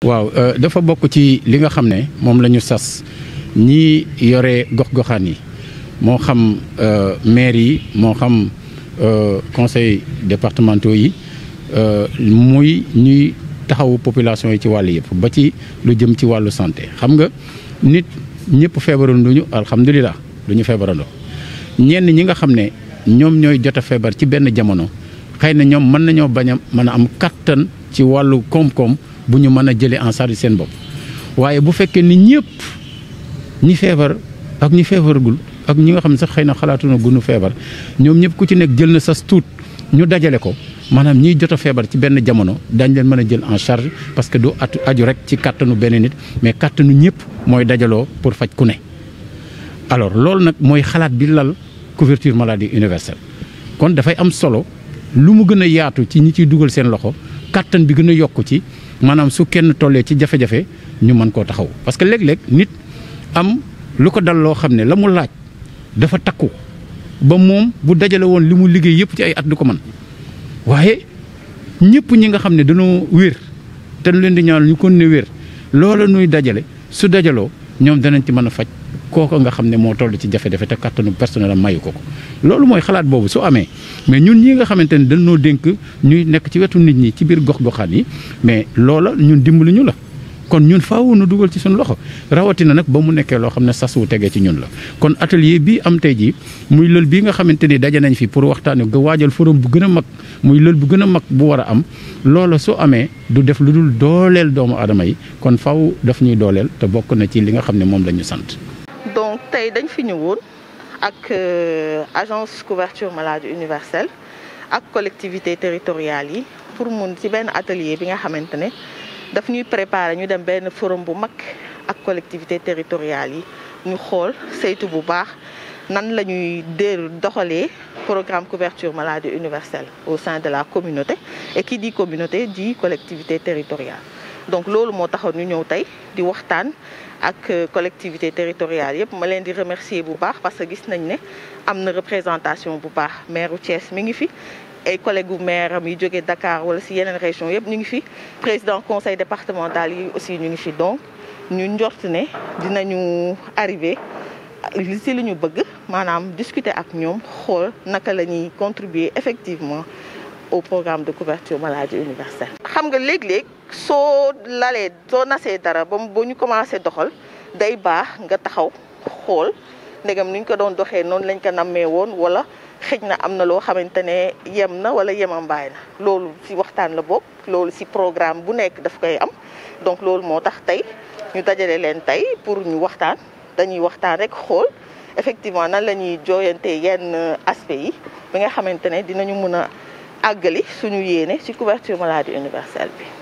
waaw euh, dafa bokk ci li nga xam ne moom la ñu sas ñi yore gox-goxaan yi moo xam euh, maire yi moo xam euh, conseil départementaux yi muy ñuy taxawu population yi ci wàll yëpp ba ci lu jëm ci wàllu santé xam nga nit ñëpp feebaranduñu alhamdulilah lu ñu feebarandoo ñenn ñi nga xam ne ñoom ñooy jot a feebar ci benn jamono xëy na ñoom mën nañoo bañ a mën a am kattan ci wàllu koom-koom bu ñu mën a jëlee en charge seen bopp waaye bu fekkee ni ñëpp ñi feebar ak ñi feebaragul ak ñi nga xam sax xëy na xalaatu na gunu feebar ñoom ñëpp ku ci nekk jël na sas tuut ñu dajale ko maanaam ñiy jot a feebar ci benn jamono dañ leen mën a jël en charge parce que du at aju rek ci kàttanu beneen nit mais kàttanu ñëpp mooy dajaloo pour faj ku ne. alors loolu nag mooy xalaat bi lal couverture maladie universelle kon dafay am solo lu mu gën a yaatu ci ñi ciy dugal seen loxo. kàttan bi gën a yokk ci maanaam su kenn tollee ci jafe-jafe ñu mën koo taxaw parce que léeg-léeg nit am lu ko dal loo xam ne la mu laaj dafa takku ba moom bu dajale woon li mu liggéey yëpp ci ay at du ko man waaye ñëpp ñi nga xam ne dañoo wér te leen di ñaan ñu kon ne wér loola nuy dajale su dajaloo ñoom danañ ci mën a faj kooku nga xam ne moo toll ci jafe-jafe te kattanu personnel am mayu ko ko loolu mooy xalaat boobu su amee mais ñun ñi nga xamante ne dañoo dénk ñuy nekk ci wetu nit ñi ci biir gox goxaat yi mais loola ñun dimbali ñu la. kon ñun faaw nu dugal ci suñu loxo rawatina nag ba mu nekkee loo xam ne sas wu tegee ci ñun la kon atelier bii am tey jii muy lël bii nga xamante ni daje nañ fi pour waxtaane waajal forum bu gën a mag muy lël bu gën a mag bu war a am loola su amee du def lu dul dooleel doomu adama yi kon faw daf ñuy dooleel te bokk na ci li nga xam ne moom lañu sant. donc tey dañ fi woon ak euh, agence couverture maladie universelle ak collectivité territoriale yi pour mun ci benn atelier bi nga xamante ne. Nous avons préparé ñu forum bu la ak collectivité territoriale yi ñu xool saytu bu baax nan programme couverture maladie universelle au sein de la communauté et qui dit communauté dit collectivité territoriale donc loolu moo taxoon ñu ñëw tey di waxtaan ak euh, collectivité territoriale Je ma leen remercier bu parce que nous avons une représentation bu baax maire Thiès mi ngi et collègues maires, maire am yu Dakar wala si yeneen région y ñu ngi fi président conseil départemental yi aussi ñu ngi fi donc ñu njort dinañu arrivé si li ñu bëgg maanaam discuter ak nous. xool naka la contribuer effectivement au programme de couverture maladie universelle. xam nga léeg-léeg soo lalee soo nasee dara ba ba ñu commencé doxal day baax nga taxaw xool ndegam ni ñu ko doon doxee noonu lañ ko nammee woon wala xejna amna lo xamantene wala ci la ci programme bu nek daf koy am donc lolou motax tay ñu dajale pour ñu dañuy rek effectivement nan lañuy jooyante yenn aspects yi bi nga dinañu suñu couverture maladie universelle